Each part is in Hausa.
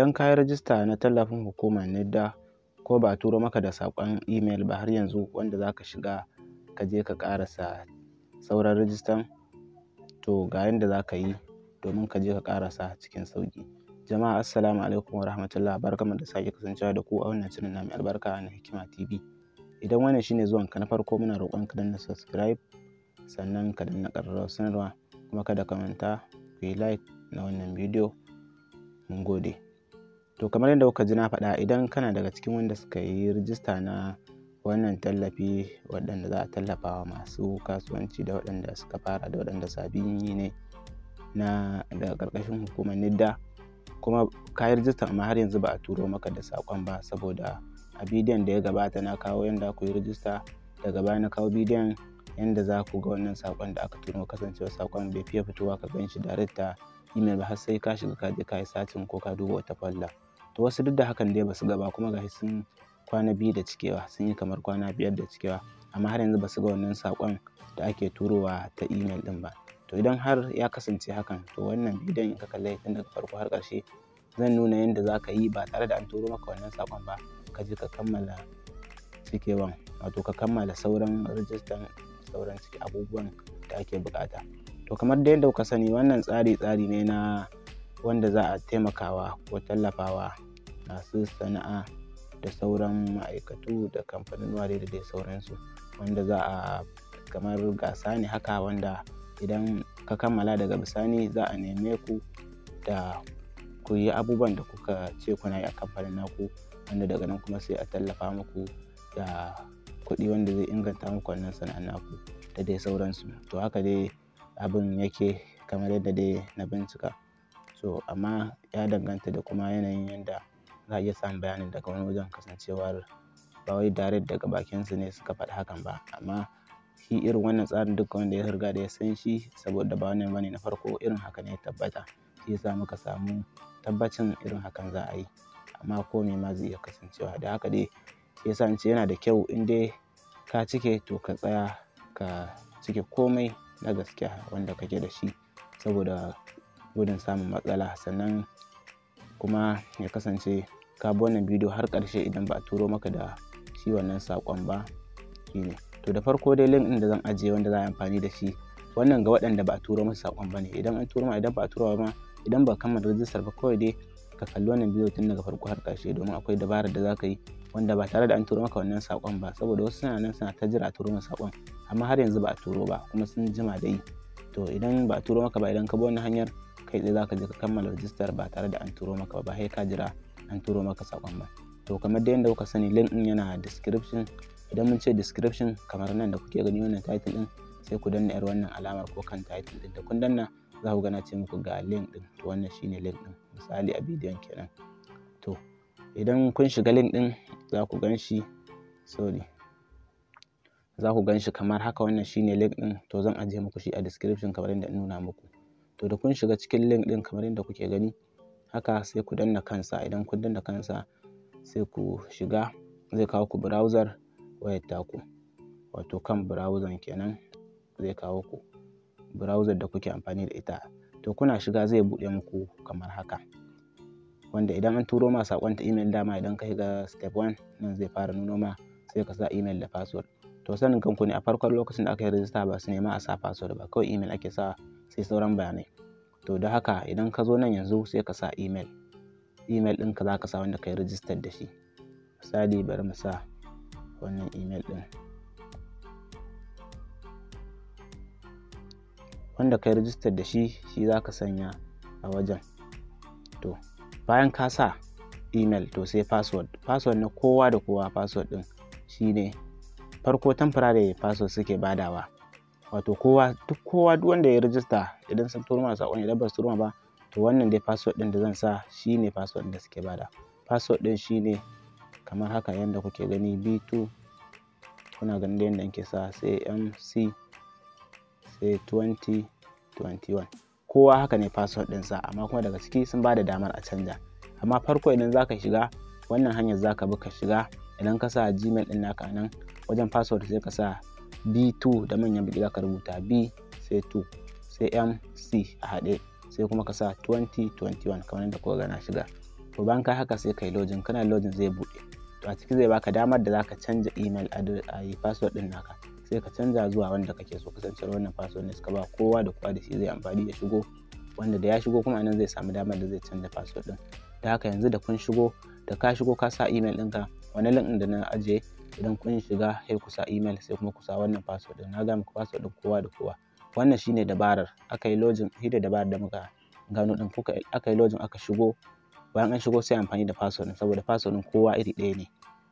idan ka yi rajista na tallafin hukumar NIDA ko ba a turo maka da saƙon email ba har yanzu wanda za ka shiga ka je ka ƙarasa sauran rajistan to ga yadda za ka yi domin ka je ka ƙarasa cikin sauƙi jama'a assalamu alaikum wa rahmatullah barkamu da sake kasancewa da ku a wannan shirin na mai albarka na hikima tv idan wannan shine zuwan ka na farko muna roƙon ka danna subscribe sannan ka danna ƙararrawar sanarwa kuma kada ka manta ku yi like na wannan bidiyo mun gode to kamar yadda kuka ji na faɗa idan kana daga cikin wanda suka yi rijista na wannan tallafi waɗanda za a tallafa wa masu kasuwanci da waɗanda suka fara da waɗanda sabin yi ne na daga ƙarƙashin hukumar nidda kuma ka yi rijista amma har yanzu ba a turo maka da saƙon ba saboda a bidiyon da ya gabata na kawo yadda ku yi rijista daga baya na kawo bidiyon yadda za ku ga wannan saƙon da aka turo kasancewa saƙon bai fiye fitowa ka gan shi da email ba har sai ka shiga ka je ka yi satin ko ka duba wata falla. to wasu duk da hakan dai ba su gaba kuma gashi sun kwana biyu da cikewa sun yi kamar kwana biyar da cikewa amma har yanzu ba su ga wannan saƙon da ake turowa ta email ɗin ba to idan har ya kasance hakan to wannan bidiyon in ka kalle tun daga farko har ƙarshe zan nuna yadda za ka yi ba tare da an turo maka wannan saƙon ba ka je ka kammala cikewan wato ka kammala sauran rijistan sauran ciki abubuwan da ake buƙata to kamar da yadda kuka sani wannan tsari tsari ne na wanda za a taimakawa ko tallafawa masu sana'a da sauran ma'aikatu da kamfanin ware da dai sauransu wanda za a kamar gasa ne haka wanda idan ka kammala daga bisani za a neme ku da ku yi abubuwan da kuka ce kuna yi a kamfanin naku wanda daga nan kuma sai a tallafa muku da kuɗi wanda zai inganta muku wannan sana'ar naku da dai sauransu to haka dai abin yake kamar yadda dai na bincika so amma ya danganta da kuma yanayin yadda za a iya samun bayanin daga wani wajen kasancewar ba wai direct daga bakinsu ne suka faɗi hakan ba amma shi irin wannan tsarin duk wanda ya riga da ya san shi saboda ba wannan bane na farko irin haka ne ya tabbata shi yasa muka samu tabbacin irin hakan za a yi amma komai ma zai iya kasancewa da haka dai shi yasa in ce yana da kyau in dai ka cike to ka tsaya ka cike komai na gaskiya wanda kake da shi saboda gudun samun matsala sannan kuma ya kasance ka wannan bidiyo har ƙarshe idan ba a turo maka da shi wannan saƙon ba shine to da farko dai link ɗin da zan ajiye wanda za a amfani da shi wannan ga waɗanda ba a turo musu saƙon ba idan an turo ma idan ba a turo ma idan ba kammala rajistar ba kawai dai ka kalli wannan bidiyo tun daga farko har karshe domin akwai dabarar da za ka yi wanda ba tare da an turo maka wannan saƙon ba saboda wasu suna nan suna ta jira a turo maka sakon amma har yanzu ba a turo ba kuma sun jima da yi to idan ba a turo maka ba idan ka bi wannan hanyar kai tsaye za ka je ka kammala rajistar ba tare da an turo maka ba ba sai ka jira an turo maka sakon ba to kamar da yadda kuka sani link ɗin yana description idan mun ce description kamar nan da kuke gani wannan title ɗin sai ku danna yar wannan alamar ko kan title ɗin da kun danna za ku gana ce muku ga link din to wannan shine link ɗin misali a bidiyon kenan to idan kun shiga link ɗin za ku gan sorry za ku gan kamar haka wannan shine link din to zan ajiye muku shi a description kamar yadda nuna muku to da kun shiga cikin link ɗin kamar yadda kuke gani haka sai ku danna kansa idan kun danna kansa sai ku shiga zai kawo ku browser wayar taku wato kan browser kenan zai kawo ku browser da kuke amfani da ita to kuna shiga zai buɗe muku kamar haka wanda idan an turo ma saƙon ta email dama idan ka ga step 1 nan zai fara nuno ma sai ka sa email da password to sanin kanku ne a farkon lokacin da aka yi register ba su nema a sa password ba kawai email ake sa sai sauran bayanai to da haka idan ka zo nan yanzu sai ka sa email email ka za ka sa wanda ka yi rijistar da shi misali bari mu sa wannan email ɗin wanda ka yi rijistar da shi shi za ka sanya a wajen to bayan ka sa email to sai password password na kowa da kowa password ɗin ne farko temporary password suke badawa wato kowa duk kowa duk wanda ya rijista idan sun turo mana saƙon idan ba su turo ba to wannan dai password ɗin da zan sa shine password da suke bada password ɗin shine kamar haka yanda kuke gani b2 kuna ganin da yanda nke sa sai mc sai 2021 kowa haka ne password sa amma kuma daga ciki sun bada damar a canja amma farko idan zaka shiga wannan hanyar zaka bi ka shiga idan ka sa gmail ɗin naka nan wajen password sai ka sa b2 da manyan baki ka rubuta b sai 2 sai mc a haɗe sai kuma ka sa 2021 kamar yadda kuka gana shiga to bayan ka haka sai kai login kana login zai buɗe to a ciki zai baka damar da zaka canja email address a yi password din naka sai ka canja zuwa wanda kake so kasancewar wannan password ne suka ba kowa da kowa da shi zai amfani ya shigo wanda da ya shigo kuma anan zai samu damar da zai canja password din da haka yanzu da kun shigo da ka shigo ka sa email ɗinka wani link da na ajiye idan kun shiga sai ku sa email sai kuma ku sa wannan password din na ga muku password din kowa da kowa wannan shine dabarar aka yi login shi dabarar da muka gano din kuka aka yi login aka shigo bayan an shigo sai amfani da password din saboda password din kowa iri ɗaya ne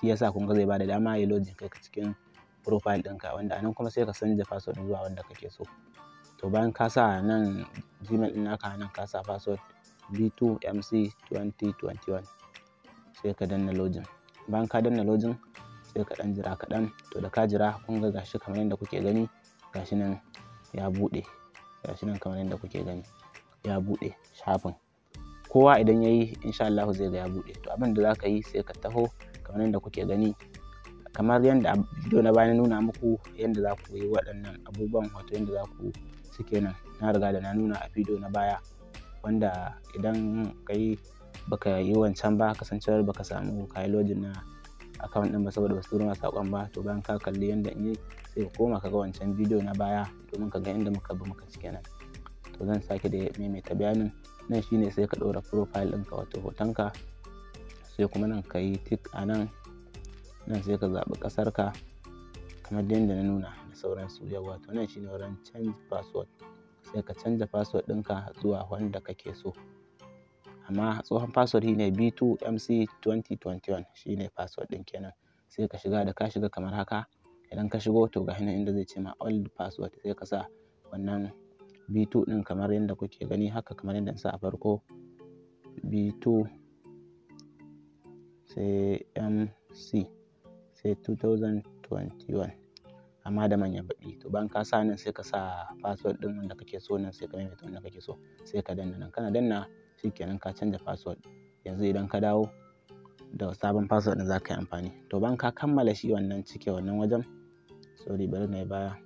shi yasa kun ga zai bada dama ya login kai ka cikin profile ɗinka wanda anan kuma sai ka canza password din zuwa wanda kake so to bayan ka sa nan gmail ɗin naka nan ka sa password b2mc2021 sai ka danna login bayan ka danna login sai ka dan jira kaɗan to da ka jira kun ga gashi kamar yadda kuke gani gashi nan ya buɗe gashi nan kamar yadda kuke gani ya buɗe shafin kowa idan yayi yi insha Allah zai ga ya buɗe to abin da za ka yi sai ka taho kamar yadda kuke gani kamar yadda bidiyo na baya nuna muku yadda za ku yi waɗannan abubuwan wato yadda za ku suke nan na riga da na nuna a video na baya wanda idan kai baka yi wancan ba kasancewar baka samu kayi login na account ɗin ba saboda ba su turo ba to bayan ka kalli yadda in yi sai koma ka ga wancan bidiyo na baya domin ka ga inda muka bi muka cike nan to zan sake da maimaita bayanin nan shine sai ka ɗora profile ɗinka wato hotonka sai kuma nan ka yi tik a nan nan sai ka zaɓi ƙasarka kamar yadda na nuna da sauransu yawa to nan shine wurin change password sai ka canza password ɗinka zuwa wanda kake so amma tsohon password shine b2mc2021 shine password ɗin kenan sai ka shiga da ka shiga kamar haka idan ka shigo to ga hinan inda zai ce ma old password sai ka sa wannan b2 ɗin kamar yadda kuke gani haka kamar yadda sa a farko b2 sai mc sai 2021 amma da manyan baɗi to ban ka sa nan sai ka sa password ɗin wanda kake so nan sai ka maimaita wanda kake so sai ka danna nan kana danna shikenan ka canza password yanzu idan ka dawo da sabon password din za ka yi amfani to ban ka kammala shi wannan cike wannan wajen sorry bari na yi baya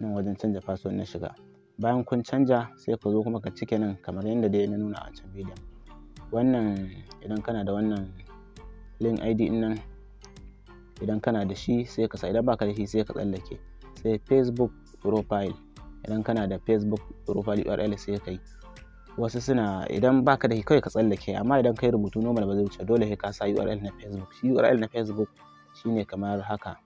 nan wajen canza password na shiga bayan kun canja sai ku zo kuma ka cike nan kamar yadda dai na nuna a wancan bidiyon wannan idan kana da wannan link id din nan idan kana da shi sai ka sa idan baka da shi sai ka tsallake sai facebook profile idan kana da facebook profile url sai ka yi wasu suna idan baka da kawai ka tsallake amma idan kai rubutu normal ba zai wuce dole sai ka sa URL na Facebook shi URL na Facebook shine kamar haka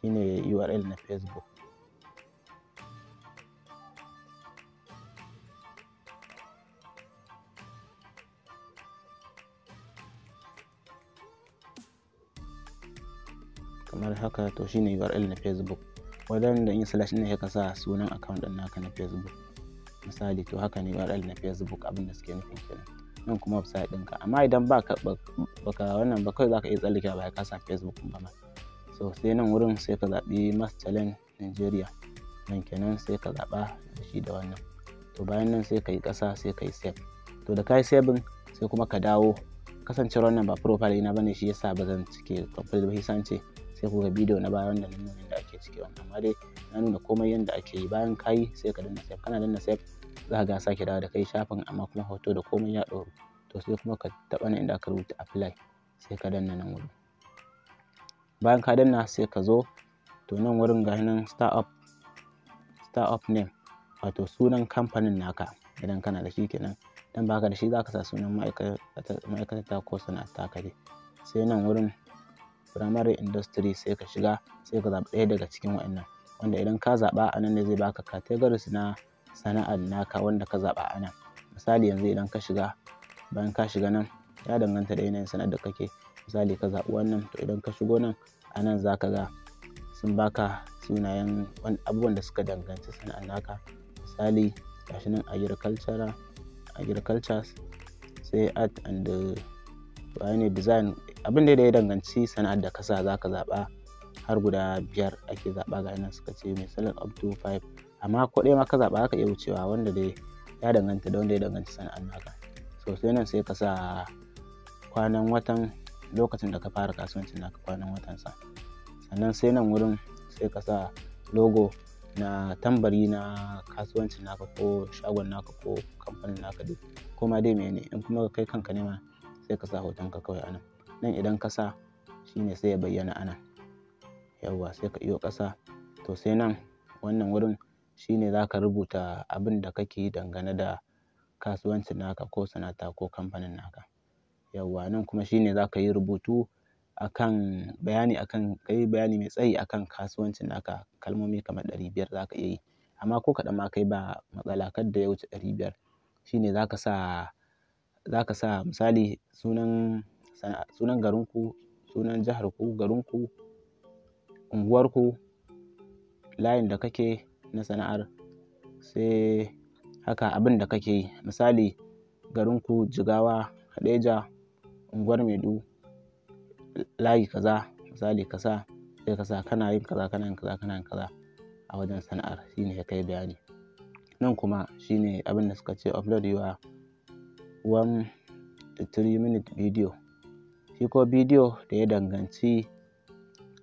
shine URL na Facebook kamar haka to shine URL na Facebook wajen da in slash ne ka sa sunan account din naka na facebook misali to haka ne url na facebook abin da suke nufin kenan nan kuma website ɗinka amma idan ba ka baka wannan ba kai za ka iya tsallake ba ka sa facebook ba ma so sai nan wurin sai ka zaɓi mass challenge nigeria nan kenan sai ka zaɓa da shi da wannan to bayan nan sai ka yi ƙasa sai ka yi save to da ka yi save sai kuma ka dawo kasancewar wannan ba profile ina bane shi yasa ba zan cike complete ba shi sai ku ga bidiyo na baya wanda na da. ciki wani amma dai na nuna komai yadda ake yi bayan kayi sai ka danna save kana danna save za ka ga sake dawo da kai shafin amma kuma hoto da komai ya ɗoru to sai kuma ka taɓa nan inda aka rubuta apply sai ka danna nan wurin bayan ka danna sai ka zo to nan wurin ga nan startup startup name wato sunan kamfanin naka idan kana da shi kenan dan baka da shi zaka sa sunan ma'aikata ko sana'ar taka dai sai nan wurin primary industry sai ka shiga sai ka zaɓi ɗaya daga cikin wa'annan wanda idan ka zaɓa a nan ne zai baka categories na sana'ar naka wanda ka zaɓa a nan misali yanzu idan ka shiga bayan ka shiga nan ya danganta da yanayin sana'ar da kake misali ka zaɓi wannan to idan ka shigo nan a nan za ka ga sun baka sunayen abubuwan da suka danganci sana'ar naka misali gashi nan agriculture sai art and uh, design abin da ya danganci sana'ar da kasa za ka zaɓa har guda biyar ake zaɓa ga nan suka ce mai salon up to five amma ko ɗaya ma ka zaɓa ka iya wucewa wanda dai ya danganta da wanda ya danganci sana'ar naka so sai nan sai ka sa kwanan watan lokacin da ka fara kasuwancin naka kwanan watan sa sannan sai nan wurin sai ka sa logo na tambari na kasuwancin naka ko shagon naka ko kamfanin naka dai ko ma dai mene in kuma kai kanka ne ma sai ka sa hotonka kawai anan nan idan ka sa shine sai ya bayyana anan yawwa sai ka iyo ƙasa to sai nan wannan wurin shine za ka rubuta abin da kake dangane da kasuwancin naka ko sanata ko kamfanin naka yawwa nan kuma shine za ka yi rubutu akan bayani akan ka bayani mai tsayi akan kasuwancin naka kalmomi kamar ɗari biyar za ka iya yi amma ko kaɗan ma kai ba matsala kar da ya wuce ɗari biyar shine za sa za ka sa misali sunan sunan garinku sunan jiharku garinku unguwarku layin da kake na sana'ar sai haka abin da kake yi misali garinku jigawa hadeja unguwar maidu layi kaza misali kasa sai kasa kana yin kaza kana yin kaza kana yin kaza a wajen sana'ar shine ya kai bayani nan kuma shine abin da suka ce upload your one to three minute video shi ko bidiyo da ya danganci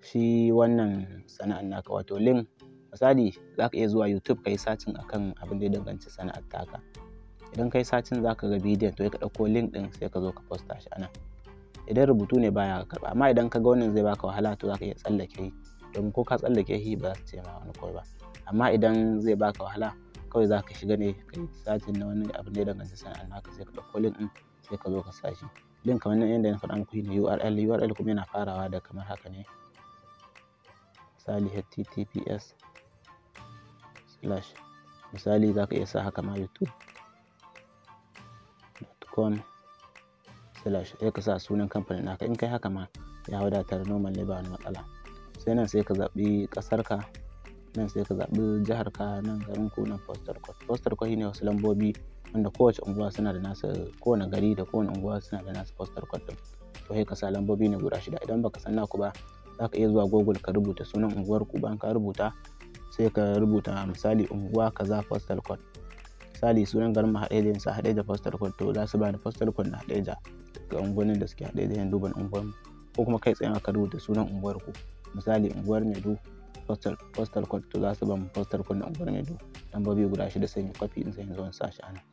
shi wannan sana'ar naka wato link misali za ka iya zuwa youtube ka yi sacin akan abin da ya danganci sana'ar taka idan ka yi sacin za ka ga bidiyon to ka ɗauko link ɗin sai ka zo ka posta shi anan idan rubutu ne baya karɓa amma idan ka ga wannan zai baka wahala to za ka iya tsallake shi domin ko ka tsallake shi ba za su ce ma wani kawai ba amma idan zai baka wahala kawai za ka shiga ne ka yi sacin na wani abin da ya danganci sana'ar naka sai ka ɗauko link ɗin sai ka zo ka sa shi link kamar yadda na faɗa muku shine url url kuma yana farawa da kamar haka ne misali https slash misali za ka iya sa haka ma youtube.com slash sai ka sa sunan kamfanin naka in kai haka ma ya wadatar normal ne ba wani matsala sai nan sai ka zaɓi ƙasarka nan sai ka zaɓi jiharka nan garin ku nan postal code postal code ne wasu lambobi wanda kowace unguwa suna da nasa kowane gari da kowane unguwa suna da nasa postal code din to sai ka sa lambobi ne guda shida idan baka san naku ba za ka iya zuwa google ka rubuta sunan unguwar ku bayan ka rubuta sai ka rubuta misali unguwa kaza postal code misali sunan garin mu haɗe sa haɗe da postal code to za su bani postal code na haɗe da ga unguwannin da suke haɗe da yan duban unguwar ko kuma kai tsaye ka rubuta sunan unguwar ku misali unguwar du postal code to za su ban postal code na unguwar du lambobi guda shida sai in kwafi in sai in zo in sa shi a nan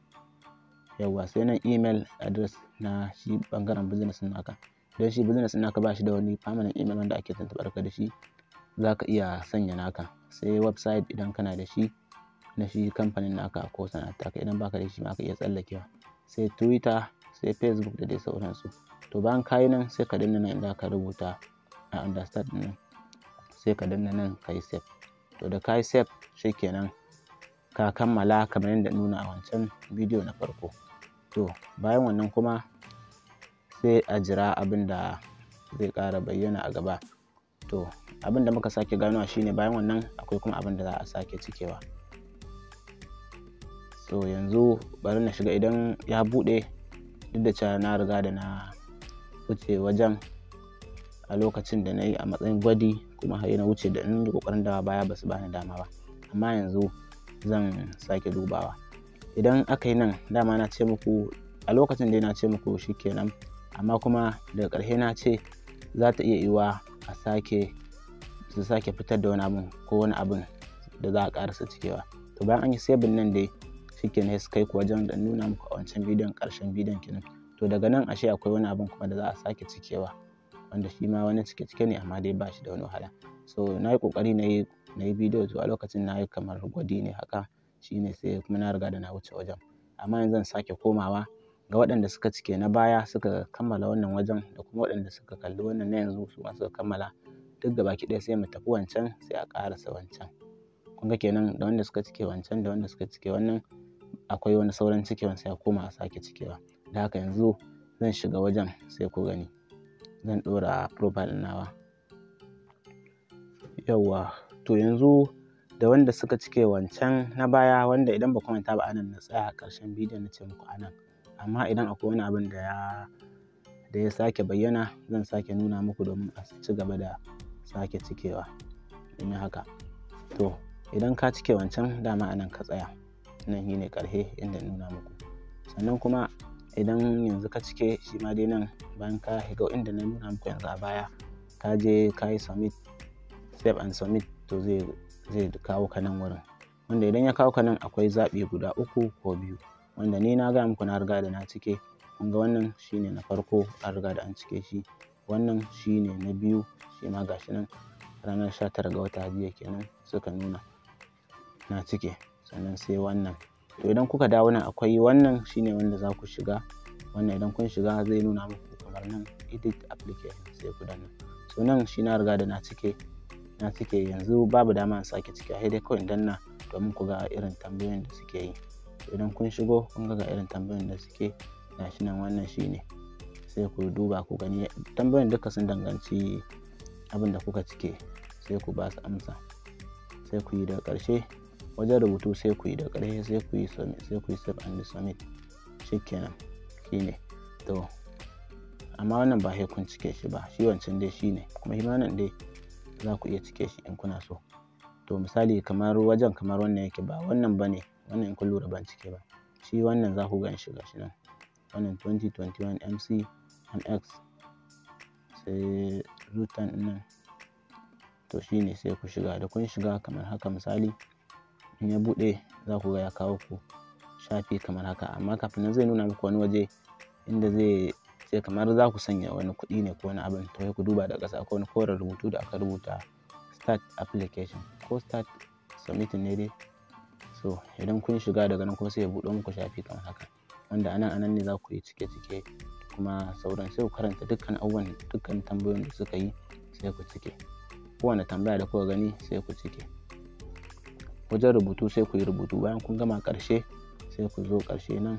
yawwa sai nan email address na shi ɓangaren business naka don shi business naka ba shi da wani permanent email wanda ake tuntuɓar ka da shi za ka iya sanya naka sai website idan kana da shi na shi kamfanin naka ko sana'ata ka idan baka da shi ma ka iya tsallakewa sai twitter sai facebook da dai sauransu to bayan kayi nan sai ka danna nan inda ka rubuta a understand nan sai ka danna nan ka yi save to da ka yi save shikenan ka kammala kamar yadda nuna a wancan bidiyo na farko to bayan wannan kuma sai a jira abin da zai kara bayyana a gaba to abin da muka sake ganowa shine bayan wannan akwai kuma abin da za a sake cikewa so yanzu bari na shiga idan ya bude duk da cewa na riga da na wuce wajen a lokacin da na yi a matsayin gwadi kuma har na wuce da in kokarin dawa baya ba su bani dama ba amma yanzu zan sake dubawa idan aka yi nan dama na ce muku a lokacin da na ce muku shi kenan amma kuma daga ƙarshe na ce za ta iya yiwa a sake su sake fitar da wani abin ko wani abin da za a ƙarasa cikewa to bayan an yi sabin nan dai shi kenan sai kai ku wajen da nuna muku a wancan bidiyon ƙarshen bidiyon kenan to daga nan ashe akwai wani abin kuma da za a sake cikewa wanda shi ma wani cike cike ne amma dai ba shi da wani wahala so na yi ƙoƙari na yi bidiyo to a lokacin na yi kamar gwadi ne haka ne sai kuma na riga da na wuce wajen amma yanzu zan sake komawa ga waɗanda suka cike na baya suka kammala wannan wajen da kuma waɗanda suka kalli wannan na yanzu su suka kammala duk baki ɗaya sai mu tafi wancan sai a ƙarasa wancan kun ga kenan da wanda suka cike wancan da wanda suka cike wannan akwai wani sauran cikewan sai a koma a sake cikewa da haka yanzu zan shiga wajen sai ku gani zan ɗora profile nawa yawwa to yanzu da wanda suka cike wancan na baya wanda idan ba manta ba anan na tsaya ƙarshen bidiyon na ce muku anan amma idan akwai wani abin da ya da ya sake bayyana zan sake nuna muku domin a ci gaba da sake cikewa in yi haka to idan ka cike wancan dama anan ka tsaya nan shi ne ƙarshe inda nuna muku sannan kuma idan yanzu ka cike shi ma dai nan bayan ka shiga inda na nuna muku yanzu a baya ka je ka yi submit save and submit to zai zai kawo ka nan wurin wanda idan ya kawo ka nan akwai zaɓi guda uku ko biyu wanda ni na gaya muku na riga da na cike kun ga wannan shine na farko an riga da an cike shi wannan shine na biyu shi ma gashi nan ranar sha tara ga wata jiya kenan suka nuna na cike sannan sai wannan to idan kuka dawo nan akwai wannan shine wanda za ku shiga wannan idan kun shiga zai nuna muku kamar nan edit application sai ku danna so nan shi na riga da na cike na suke yanzu babu dama in sake ciki sai dai kawai idan danna domin ku ga irin tambayoyin da suke yi idan kun shigo kun ga irin tambayoyin da suke na shi nan wannan shi ne sai ku duba ku gani tambayoyin duka sun danganci abin da kuka cike sai ku ba su amsa sai ku yi da ƙarshe wajen rubutu sai ku yi da karshe sai ku yi submit sai ku yi save and submit shi ne to amma wannan ba sai cike shi ba shi wancan dai shi ne kuma shi wannan dai za ku iya cike shi in kuna so to misali kamar wajen kamar wannan yake ba wannan ba wannan in kun lura ban cike ba shi wannan za ku gan shi shi nan wannan 2021 mc mx sai rutan nan to shi ne sai ku shiga da kun shiga kamar haka misali in ya buɗe za ku ga ya kawo ku shafi kamar haka amma kafin nan zai nuna muku wani waje inda zai sai kamar za ku sanya wani kuɗi ne ko wani abin to ku duba da ƙasa ko wani koren rubutu da aka rubuta start application ko start submitting ne dai so idan kun shiga daga nan kuma sai ya buɗe muku shafi kamar haka wanda anan anan ne za ku yi cike-cike kuma sauran sai ku karanta dukkan abubuwan dukkan tambayoyin da suka yi sai ku cike kowane tambaya da kuka gani sai ku cike wajen rubutu sai ku yi rubutu bayan kun gama ƙarshe sai ku zo ƙarshe nan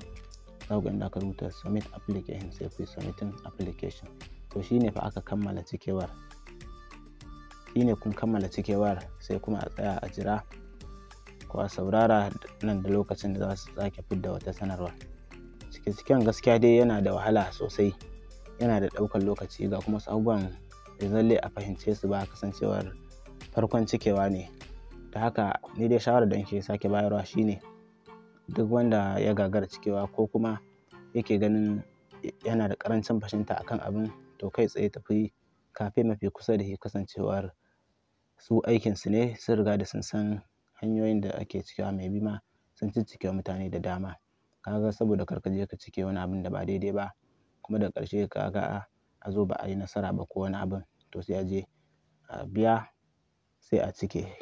za ga inda aka rubuta submit application sai ku submitin application to shine fa aka kammala cikewar shine kun kammala cikewar sai kuma a tsaya a jira ko a saurara nan da lokacin da za su sake fidda wata sanarwa cike-ciken gaskiya dai yana da wahala sosai yana da ɗaukar lokaci ga kuma abubuwan da zalle a fahimce su ba kasancewar farkon cikewa ne ta haka ni dai shawarar da nke sake bayarwa shine duk wanda ya gagara cikewa ko kuma yake ganin yana da ƙarancin fahimta akan abin to kai tsaye tafi kafe mafi kusa da shi kasancewar su aikinsu ne sun riga da sun san hanyoyin da ake cikewa mai bima sun ciccike mutane da dama kaga saboda kar ka je ka cike wani abin da ba daidai ba kuma daga ƙarshe kaga a zo ba a yi nasara ba ko wani abin to sai a je a biya sai a cike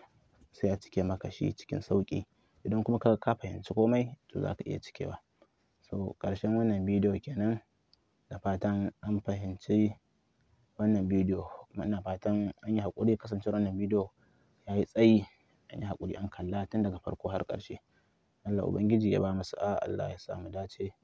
sai a cike maka shi cikin sauƙi idan kuma ka ka fahimci komai to za ka iya cikewa so ƙarshen wannan bidiyo kenan da fatan an fahimci wannan bidiyo kuma ina fatan an yi haƙuri kasancewar wannan bidiyo ya yi tsayi an yi haƙuri an kalla tun daga farko har ƙarshe Allah Ubangiji ya ba mu sa'a Allah ya sa mu dace